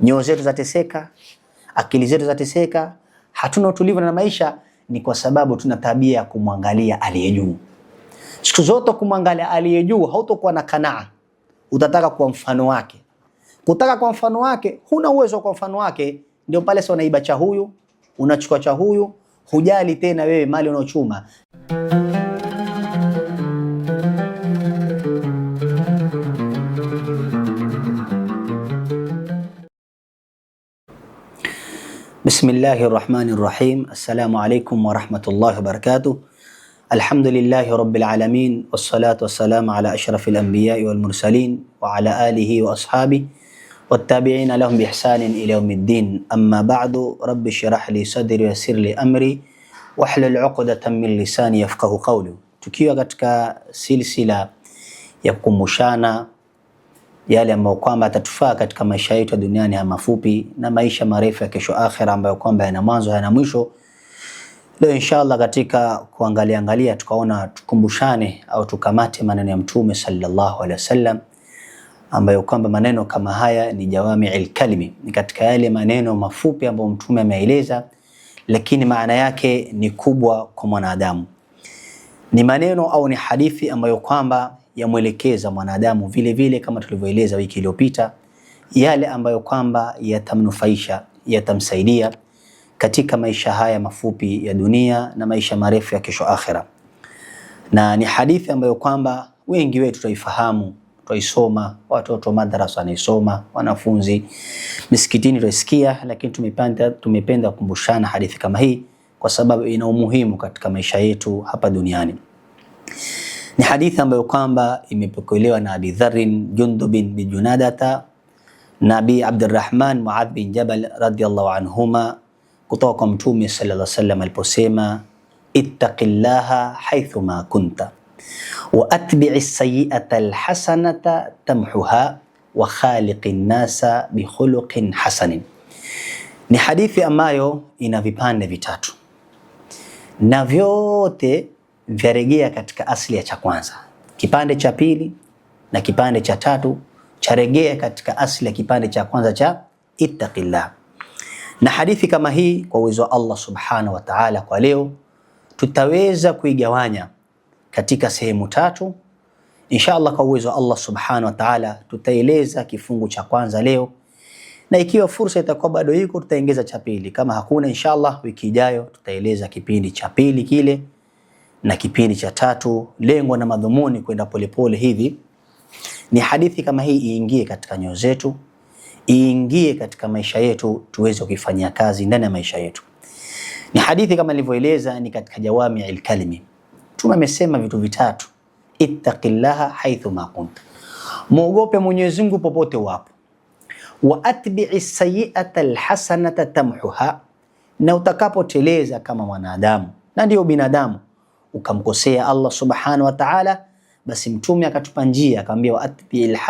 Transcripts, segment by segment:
Nyoo zetu zateseka, akili zetu zateseka, hatuna utulivu na maisha, ni kwa sababu tuna tabia ya kumwangalia aliye juu. Siku zote kumwangalia aliye juu, hautokuwa na kanaa, utataka kuwa mfano wake. Kutaka kwa mfano wake, huna uwezo kwa mfano wake. Ndio pale sasa unaiba cha huyu, unachukua cha huyu, hujali tena wewe mali unaochuma. بسم الله الرحمن الرحيم السلام عليكم ورحمة الله وبركاته الحمد لله رب العالمين والصلاة والسلام على أشرف الأنبياء والمرسلين وعلى آله وأصحابه والتابعين لهم بإحسان إلى يوم الدين أما بعد رب اشرح لي صدري ويسر لي أمري واحلل عقدة من لساني يفقه قولي تكيو سلسلة يقوم شانا yale ambayo kwamba atatufaa katika maisha yetu ya duniani haya mafupi na maisha marefu ya kesho akhera, ambayo kwamba yana mwanzo yana mwisho. Leo inshallah katika kuangalia angalia, tukaona tukumbushane au tukamate maneno ya Mtume sallallahu alaihi wasallam, ambayo kwamba maneno kama haya ni jawami'il kalimi, ni katika yale maneno mafupi ambayo Mtume ameeleza, lakini maana yake ni kubwa kwa mwanadamu. Ni maneno au ni hadithi ambayo kwamba yamwelekeza mwanadamu vile vile, kama tulivyoeleza wiki iliyopita, yale ambayo kwamba yatamnufaisha, yatamsaidia katika maisha haya mafupi ya dunia na maisha marefu ya kesho akhera. Na ni hadithi ambayo kwamba wengi wetu tutaifahamu, tutaisoma, watoto madrasa wanaisoma, wanafunzi misikitini tutaisikia, lakini tumependa tumependa kukumbushana hadithi kama hii kwa sababu ina umuhimu katika maisha yetu hapa duniani. Ni hadithi ambayo kwamba imepokelewa na Abi Dharrin, jundubin bin Junadata na Abi Abdurrahman Muadh bin Jabal radhiyallahu anhuma kutoka kwa Mtume sallallahu alaihi wasallam aliposema, ittaqillaha ma kunta wa atbi'i sayyi'ata alhasanata tamhuha wa khaliqin nasa bi khuluqin hasanin. Ni hadithi ambayo ina vipande vitatu na vyote vyarejea katika asili ya cha kwanza, kipande cha pili na kipande cha tatu charejea katika asili ya kipande cha kwanza cha ittaqillah. Na hadithi kama hii kwa uwezo wa Allah subhanahu wa ta'ala, kwa leo tutaweza kuigawanya katika sehemu tatu insha Allah. Kwa uwezo wa Allah subhanahu wa ta'ala, tutaeleza kifungu cha kwanza leo, na ikiwa fursa itakuwa bado iko, tutaongeza cha pili. Kama hakuna, insha Allah, wiki ijayo tutaeleza kipindi cha pili kile na kipindi cha tatu, lengo na madhumuni kwenda polepole hivi, ni hadithi kama hii iingie katika nyoyo zetu, iingie katika maisha yetu, tuweze kuifanyia kazi ndani ya maisha yetu. Ni hadithi kama nilivyoeleza, ni katika jawami'il ilkalimi. Mtume amesema vitu vitatu, ittaqillaha haithu ma kunta, muogope Mwenyezi Mungu popote wapo, wa atbi'i sayyi'ata alhasanata tamhuha, na utakapoteleza kama mwanadamu, na ndiyo binadamu ukamkosea Allah subhanahu wa ta'ala, basi mtume akatupa njia akamwambia,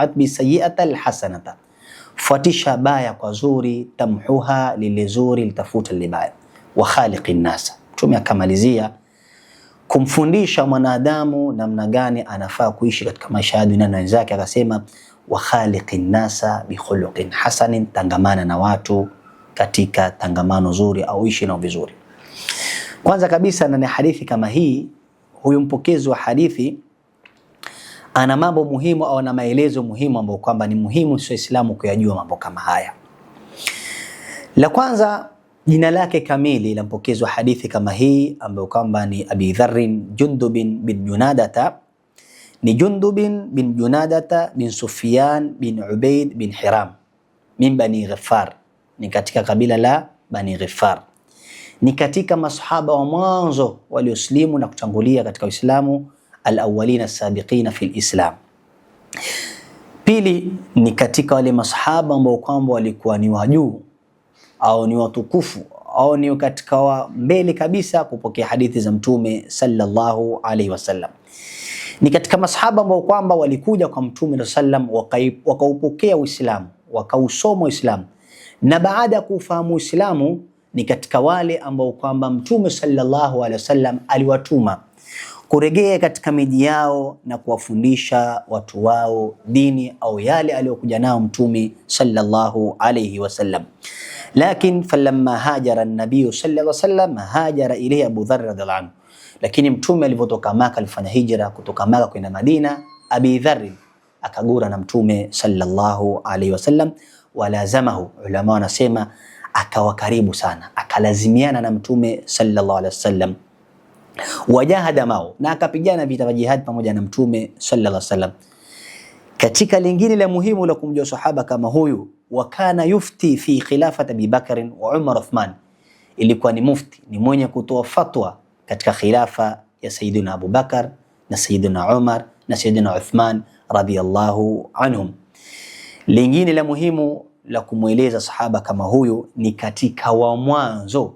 atbi sayiata alhasanata, fuatisha baya kwa zuri, tamhuha lile zuri, litafuta lile baya, wa khaliqi nasa. Mtume akamalizia kumfundisha mwanadamu namna gani anafaa kuishi katika maisha ya dunia na wenzake, akasema wa khaliqi nasa bi khuluqin hasanin, tangamana na watu katika tangamano zuri au ishi nao vizuri. Kwanza kabisa na hadithi kama hii, huyu mpokezi wa hadithi ana mambo muhimu au ana maelezo muhimu ambayo kwamba ni muhimu sio Islamu kuyajua mambo kama haya. La kwanza, jina lake kamili la mpokezi wa hadithi kama hii ambayo kwamba ni Abi Dharrin Jundubin bin Junadata ni Jundubin bin Junadata bin Sufyan bin Ubaid bin Hiram min Bani Ghifar, ni katika kabila la Bani Ghifar ni katika masahaba wa mwanzo walioslimu na kutangulia katika Uislamu, alawalina sabiqina fil islam. Pili ni katika wale masahaba ambao kwamba walikuwa ni wajuu au ni watukufu au ni katika wa mbele kabisa kupokea hadithi za Mtume sallallahu alaihi wasallam. Ni katika masahaba ambao kwamba walikuja kwa Mtume sallam wakaupokea Uislamu wakausoma Uislamu na baada ya kuufahamu Uislamu ni katika wale ambao kwamba Mtume sallallahu alaihi wasallam aliwatuma kurejea katika miji yao na kuwafundisha watu wao dini au yale aliyokuja nao Mtume sallallahu alaihi wasallam. Lakini falamma hajara an-nabiy sallallahu alaihi wasallam hajara ilayhi Abu Dharr radhiallahu anhu, lakini Mtume alivyotoka Maka, alifanya hijra kutoka Maka kwenda Madina, Abi Dharr akagura na Mtume sallallahu alaihi wasallam, walazamahu. Ulama wanasema akawa karibu sana, akalazimiana na Mtume sallallahu alaihi wasallam wajahada mao, na akapigana vita vya jihad pamoja na Mtume sallallahu alaihi wasallam. Katika lingine la muhimu la kumjua sahaba kama huyu, wakana yufti fi khilafati Abi wa Umar Uthman, ilikuwa ni mufti, ni mwenye kutoa fatwa katika khilafa ya Sayyidina Abu na Sayyidina Umar na Sayyidina Uthman radhiyallahu anhum. Lingine la muhimu la kumweleza sahaba kama huyu ni katika wa mwanzo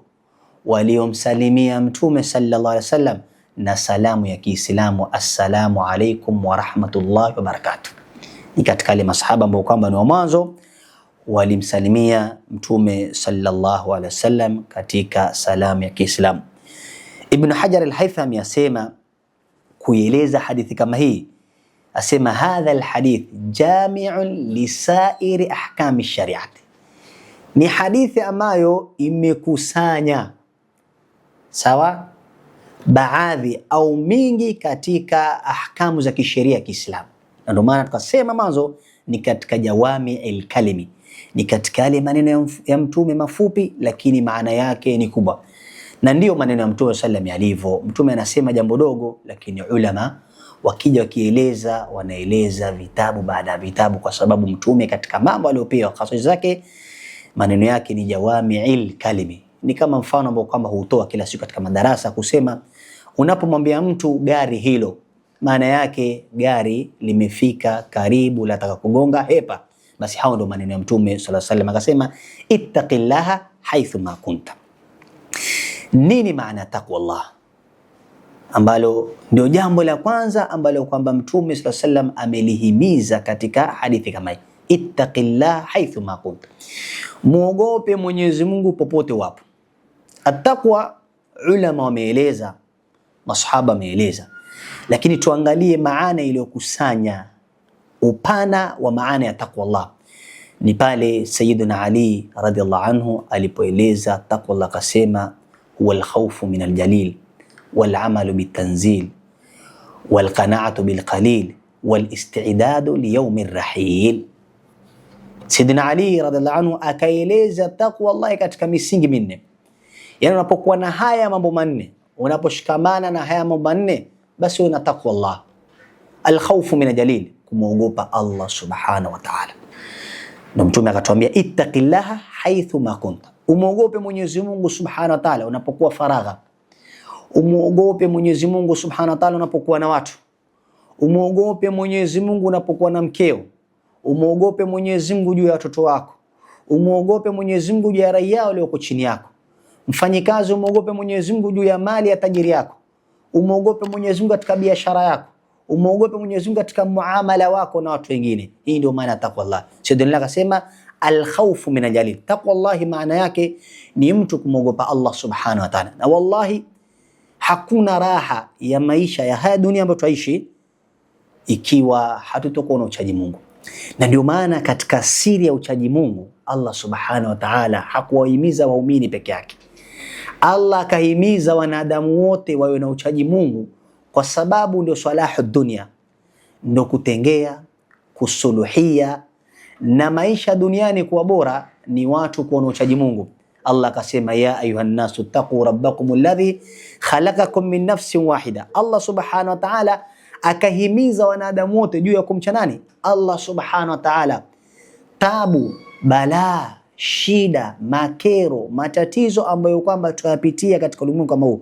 waliomsalimia Mtume sallallahu alaihi wasallam na salamu ya Kiislamu, assalamu alaikum warahmatullahi wabarakatuh. Ni katika wale masahaba ambao kwamba ni wa mwanzo walimsalimia Mtume sallallahu alaihi wasallam katika salamu ya Kiislamu. Ibn Hajar al-Haythami asema kuieleza hadithi kama hii asema hadha alhadith jami'un lisairi ahkami shariati, ni hadithi ambayo imekusanya sawa baadhi au mingi katika ahkamu za kisheria ya Kiislamu, na ndio maana tukasema mwanzo ni katika jawami alkalimi, ni katika yale maneno ya Mtume mafupi, lakini maana yake ni kubwa, na ndiyo maneno ya Mtume sallam yalivyo. Mtume anasema jambo dogo, lakini ulama wakija wakieleza, wanaeleza vitabu baada ya vitabu, kwa sababu Mtume katika mambo aliyopewa kaswai zake maneno yake ni jawamiil kalimi. Ni kama mfano ambao kwamba hutoa kila siku katika madarasa kusema, unapomwambia mtu gari hilo, maana yake gari limefika karibu, lataka kugonga hepa. Basi hao ndio maneno ya Mtume sallallahu alaihi wasallam, akasema ittaqillaha haithu ma kunta. Nini maana ya taqwa Allah? ambalo ndio jambo la kwanza ambalo kwamba Mtume swalla sallam amelihimiza katika hadithi kama hii, ittaqillah haithu ma kunt, muogope Mwenyezi Mungu popote wapo. Attaqwa ulama wameeleza, masahaba wameeleza, lakini tuangalie maana iliyokusanya upana wa maana ya taqwa Allah ni pale Sayyiduna Ali radhiallahu anhu alipoeleza taqwa Allah, akasema huwa alkhawfu min aljalil walamalu bitanzil walqanaatu bilqalil walistidadu liyaumi rahil. Sayyidina Ali radhiallahu anhu akaeleza takwa Allahi katika misingi minne. Yani, unapokuwa na haya mambo manne, unaposhikamana na haya mambo manne, basi una takwa Allah. Alkhawfu min aljalil, kumwogopa Allah subhanahu wa ta'ala. Na Mtume akatuambia ittaqillaha haythu ma kunta, umwogope Mwenyezi Mungu subhanahu wa ta'ala unapokuwa faragha Umuogope Mwenyezi Mungu Subhanahu wa Ta'ala unapokuwa na watu, umuogope Mwenyezi Mungu unapokuwa na mkeo, umuogope Mwenyezi Mungu juu ya watoto wako, umuogope Mwenyezi Mungu juu ya raia walioko chini yako. Mfanyikazi, umuogope Mwenyezi Mungu juu ya mali ya tajiri yako, umuogope Mwenyezi Mungu katika biashara yako, umuogope Mwenyezi Mungu katika muamala wako na watu wengine. Hii ndio maana ya taqwallah. Sayyidina akasema alkhawfu min aljalil, taqwallahi maana yake ni mtu kumwogopa Allah Subhanahu wa Ta'ala, na wallahi hakuna raha ya maisha ya haya dunia ambayo tunaishi ikiwa hatutokuwa na uchaji Mungu. Na ndio maana katika siri ya uchaji Mungu Allah subhanahu wa ta'ala hakuwahimiza waumini peke yake. Allah akahimiza wanadamu wote wawe na uchaji Mungu, kwa sababu ndio salahu dunia, ndio kutengea, kusuluhia na maisha duniani kuwa bora ni watu kuwa na uchaji Mungu. Allah akasema, ya ayuhannasu taquu rabbakum alladhi khalaqakum min nafsin wahida. Allah subhanahu wa ta'ala akahimiza wanadamu wote juu ya kumcha nani? Allah subhanahu wa ta'ala. Tabu, balaa, shida, makero, matatizo ambayo kwamba tunayapitia katika ulimwengu kama huu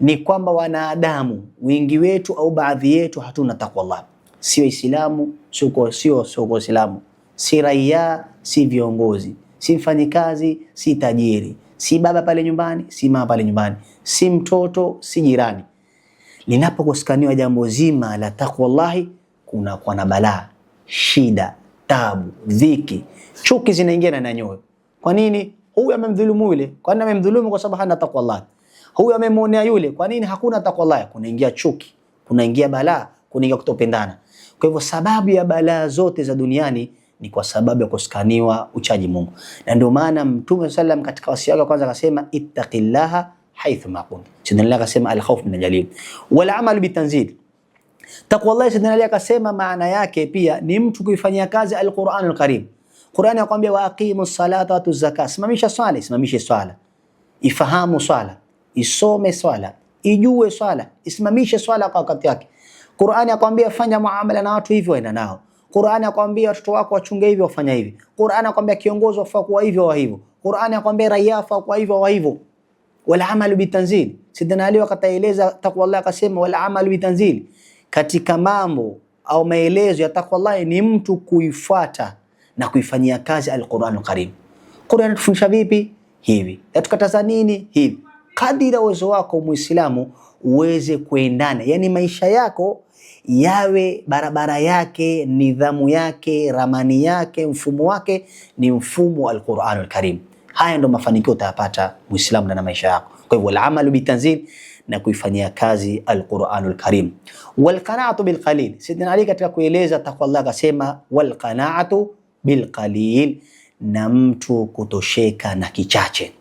ni kwamba wanadamu wengi wetu au baadhi yetu hatuna takwallah, sio Islamu, sio sio Uislamu, si raia, si viongozi si mfanyi kazi, si tajiri, si baba pale nyumbani, si mama pale nyumbani, si mtoto, si jirani. Linapokosekaniwa jambo zima la takwallahi, kunakuwa na balaa, shida, tabu, dhiki, chuki zinaingia na nyoyo. Kwa nini? Huyu amemdhulumu yule, kwa nini amemdhulumu? Kwa sababu hana takwallahi. Huyu amemwonea yule, kwa nini? Hakuna takwallahi. Kunaingia chuki, kunaingia balaa, kunaingia kutopendana. Kwa hivyo sababu ya balaa zote za duniani ni kwa sababu ya kusikaniwa uchaji Mungu, na ndio maana Mtume sallam katika wasia wake kwanza akasema ittaqillaha haithu ma kunt. Sidna Ali akasema alkhawf min aljalil wal amal bitanzil. Takwa Allah, Sidna Ali akasema maana yake pia ni mtu kuifanyia kazi alquran alkarim. Qurani yakwambia wa aqimu salata wa zakat, simamisha swala, simamishe swala, ifahamu swala, isome swala, ijue swala, isimamishe swala kwa wakati wake. Qurani yakwambia fanya muamala na watu hivyo, enda nao Qur'ani akwambia watoto wako wachunge hivi wafanya hivi. Qur'ani akwambia kiongozi wafaa kuwa hivyo wa hivyo. Qur'ani akwambia raia wafaa kuwa hivyo wa hivyo. Wal amalu bitanzil. Sidna Ali wakataeleza takwa Allah akasema, wal amalu bitanzil, katika mambo au maelezo ya takwa Allah ni mtu kuifuata na kuifanyia kazi al quran al Karim. Qur'an inatufundisha vipi? Hivi. Yatukataza nini? Hivi kadiri ya uwezo wako Muislamu uweze kuendana, yaani maisha yako yawe barabara yake, nidhamu yake, ramani yake, mfumo wake ni mfumo wa Alquran Alkarim. Haya ndo mafanikio utayapata Muislamu na maisha yako. Kwa hivyo alamalu bitanzil na kuifanyia kazi Alquran Alkarim. Walqanaatu bilqalil, Sidna Ali katika kueleza takwa Allah akasema walqanaatu bilqalil, na mtu kutosheka na kichache.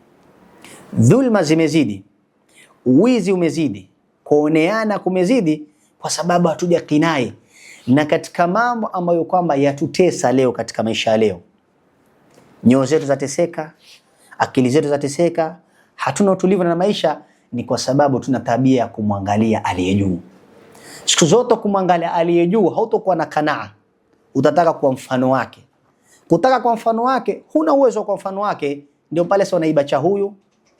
Dhulma zimezidi, wizi umezidi, kuoneana kumezidi, kwa sababu hatuja kinai na katika mambo ambayo kwamba yatutesa leo katika maisha ya leo. Nyoo zetu zateseka, akili zetu zateseka, hatuna utulivu na maisha, ni kwa sababu tuna tabia ya kumwangalia aliye juu. Siku zote kumwangalia aliye juu, hautokuwa na kanaa, utataka kuwa mfano wake. Kutaka kwa mfano wake, huna uwezo kwa mfano wake. Ndio pale sasa unaiba cha huyu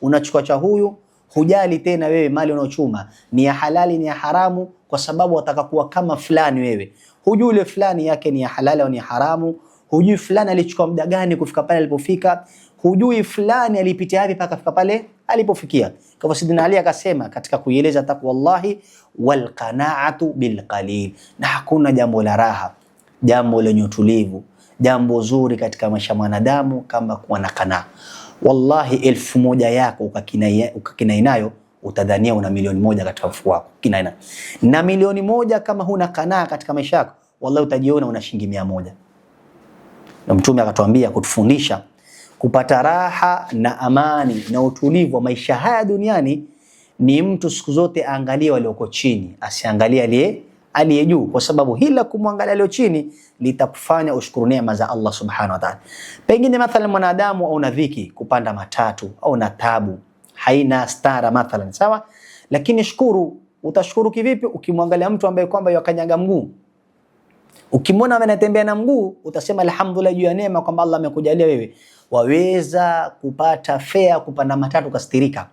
unachukua cha huyu, hujali tena wewe mali unaochuma ni ya halali ni ya haramu, kwa sababu wataka kuwa kama fulani. Wewe hujui ile fulani yake ni ya halali au ni ya haramu, hujui fulani alichukua muda gani kufika pale alipofika, hujui fulani alipitia yapi mpaka afika pale alipofikia. Kwa Sidina Ali akasema katika kuieleza taqwallahi, walqanaatu bilqalil, na hakuna jambo la raha, jambo lenye utulivu, jambo zuri katika maisha mwanadamu kama kuwa na kanaa wallahi elfu moja yako ukakinai nayo utadhania una milioni moja katika mfuko wako kinaina. Na milioni moja kama huna kanaa katika maisha yako, wallahi utajiona una shilingi mia moja. Na Mtume akatuambia kutufundisha kupata raha na amani na utulivu wa maisha haya duniani ni mtu siku zote aangalie walioko chini, asiangalie aliye aliye juu, kwa sababu hila kumwangalia leo chini litakufanya ushukuru neema za Allah subhanahu wa ta'ala. Pengine mathalan mwanadamu au na dhiki kupanda matatu au na tabu haina stara mathalan, sawa, lakini shukuru. Utashukuru kivipi? Ukimwangalia mtu ambaye kwamba yakanyaga mguu Ukimwona anatembea na mguu utasema alhamdulillah juu ya neema kwamba Allah amekujalia wewe waweza kupata fea kupanda matatu kastirika.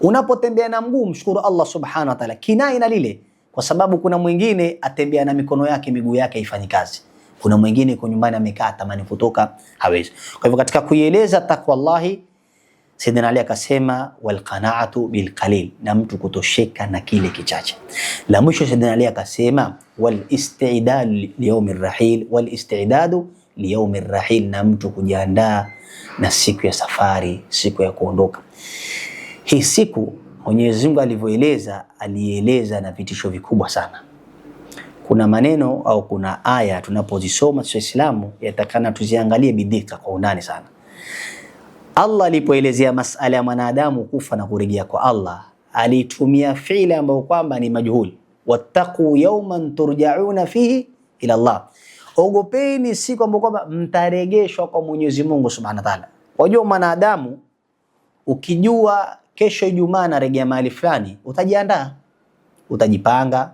Unapotembea na mguu mshukuru Allah subhanahu wa ta'ala, kinai na lile kwa sababu kuna mwingine atembea na mikono yake miguu yake ifanye kazi. Kuna mwingine yuko nyumbani amekaa tamani kutoka hawezi. Kwa hivyo katika kuieleza takwallahi, Sayyidina Ali akasema wal qanaatu bil qalil, na mtu kutosheka na kile kichache. La mwisho Sayyidina Ali akasema wal walistidadu liyaumi rahil, wal isti'dadu walistidadu liyaumi rahil, na mtu kujiandaa na siku ya safari, siku ya kuondoka. Hii siku Mwenyezi Mungu alivyoeleza, alieleza na vitisho vikubwa sana. Kuna maneno au kuna aya tunapozisoma sisi Waislamu yatakana tuziangalie bidika kwa undani sana. Allah alipoelezea masala ya mwanadamu kufa na kurejea kwa Allah, alitumia fiili ambayo kwamba ni majhuli, wattaqu yawman turjauna fihi ila Allah, ogopeni siku ambayo kwamba mtaregeshwa kwa Mwenyezi Mungu Subhanahu wa Ta'ala. Wajua mwanadamu ukijua kesho Ijumaa narejea mahali fulani, utajiandaa, utajipanga,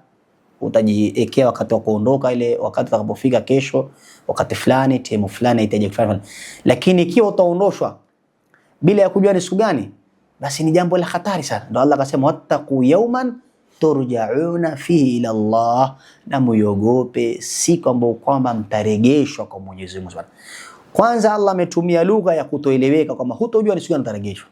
utajiekea wakati wa kuondoka, ile wakati utakapofika kesho, wakati fulani, timu fulani itaje fulani. Lakini ikiwa utaondoshwa bila ya kujua ni siku gani, basi ni jambo la hatari sana. Ndio Allah akasema, wattaqu yawman turjauna fihi ila Allah, na muogope siku ambayo kwamba mtaregeshwa kwa Mwenyezi Mungu Kwanza Allah ametumia lugha ya kutoeleweka kwamba hutojua ni siku gani utaregeshwa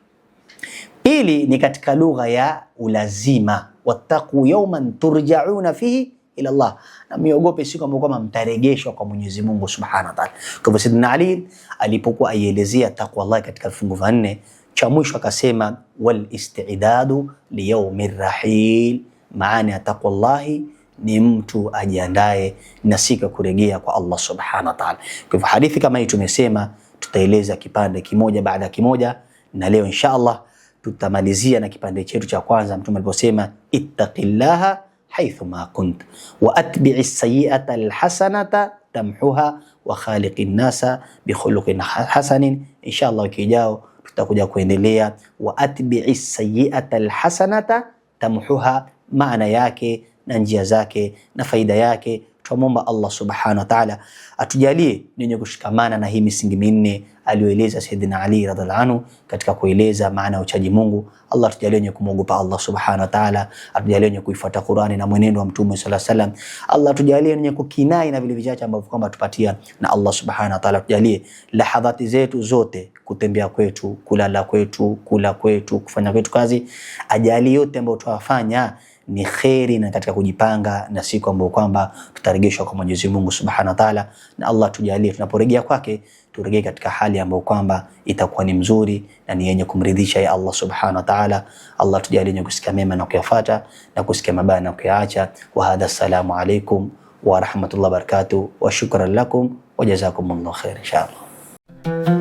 Pili ni katika lugha ya ulazima, wattaqu yawman turjauna fihi ila Allah, na miogope siku ambayo kwamba mtaregeshwa kwa Mwenyezi Mungu Subhanahu wa Ta'ala. Kwa hivyo Sidna Ali alipokuwa aielezea takwa Allah katika vifungu vinne, cha mwisho akasema wal istidadu li yawmir rahil, maana ya takwa Allah ni mtu ajiandae na siku ya kurejea kwa Allah Subhanahu wa Ta'ala. Kwa hivyo hadithi kama hii tumesema tutaeleza kipande kimoja baada ya kimoja, na leo insha Allah tutamalizia na kipande chetu cha kwanza, mtume aliposema ittaqillaha haithuma kunta wa atbi'i sayi'ata alhasanata tamhuha wa khaliqi nnasa bikhuluqin hasanin. Insha Allah wiki ijao tutakuja kuendelea wa atbi'i sayi'ata alhasanata tamhuha, maana yake na njia zake na faida yake. Twamwomba Allah subhanahu wa ta'ala atujalie nyenye kushikamana na hii misingi minne aliyoeleza Sayyidina Ali radhiallahu anhu katika kueleza maana ya uchaji Mungu. Allah atujalie nyenye kumwogopa Allah subhanahu wa ta'ala, atujalie nyenye kuifuata Qur'ani na mwenendo wa Mtume sallallahu alaihi wasallam. Allah atujalie nyenye kukinai na vile vichache ambavyo kwamba tupatia, na Allah subhanahu wa ta'ala atujalie lahadhati zetu zote, kutembea kwetu, kulala kwetu, kula kwetu, kufanya kwetu kazi, ajali yote ambayo tuwafanya ni kheri na katika kujipanga na siku ambayo kwamba tutaregeshwa kwa Mwenyezi Mungu Subhanahu wa Ta'ala, na Allah tujalie tunaporejea kwake turejee katika hali ambayo kwamba itakuwa ni mzuri na ni yenye kumridhisha ya Allah Subhanahu wa Ta'ala. Allah tujalie kusikia mema na kuyafuata na kusikia mabaya na kuyaacha. Wa hadha, assalamu alaykum wa rahmatullahi wa barakatuh, wa shukran lakum wa jazakumullahu khair inshallah.